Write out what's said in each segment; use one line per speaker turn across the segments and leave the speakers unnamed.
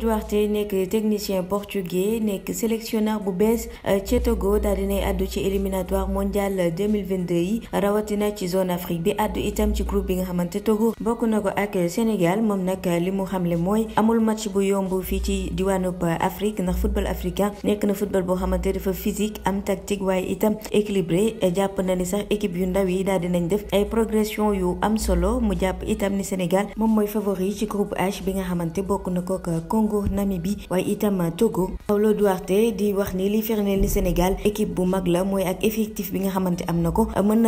Duarte nek technicien portugais nek sélectionneur bu bees euh, ci Togo daal dinay ci éliminatoire mondial 2022 yi rawatina ci zone Afrique bi addu itam ci groupe bi nga xamanté Togo bokk na ko ak Sénégal mom nak li mu xamle mooy amul match bu yomb fi ci diwaanub Afrique ndax football africain nek na football bo xamanté dafa physique am tactique way itam équilibré japp na ni sax équipe yu ndaw yi dal dinañ def ay progression yu am solo mu japp itam ni Sénégal mom moy favori ci groupe H bi nga xamanté bokk ko ak Congo Congo Namibie itam Togo Paulo Duarte di wax ni li firndeel Sénégal équipe bu mag ak effectif bi nga xamante am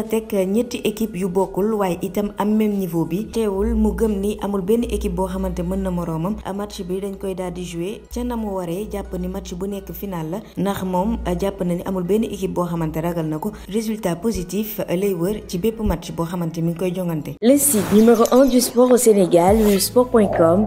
équipe yu bokkul itam am même niveau bi teul mu gëm ni amul ben équipe bo xamante mën na moroomam match bi dañ koy daal di jouer match bu final narmom ndax moom amulben amul équipe bo xamante ragal nako, résultat positif lay wër ci bépp match boo xamante mi
Le site numéro 1 du sport au Sénégal, Le sport.com,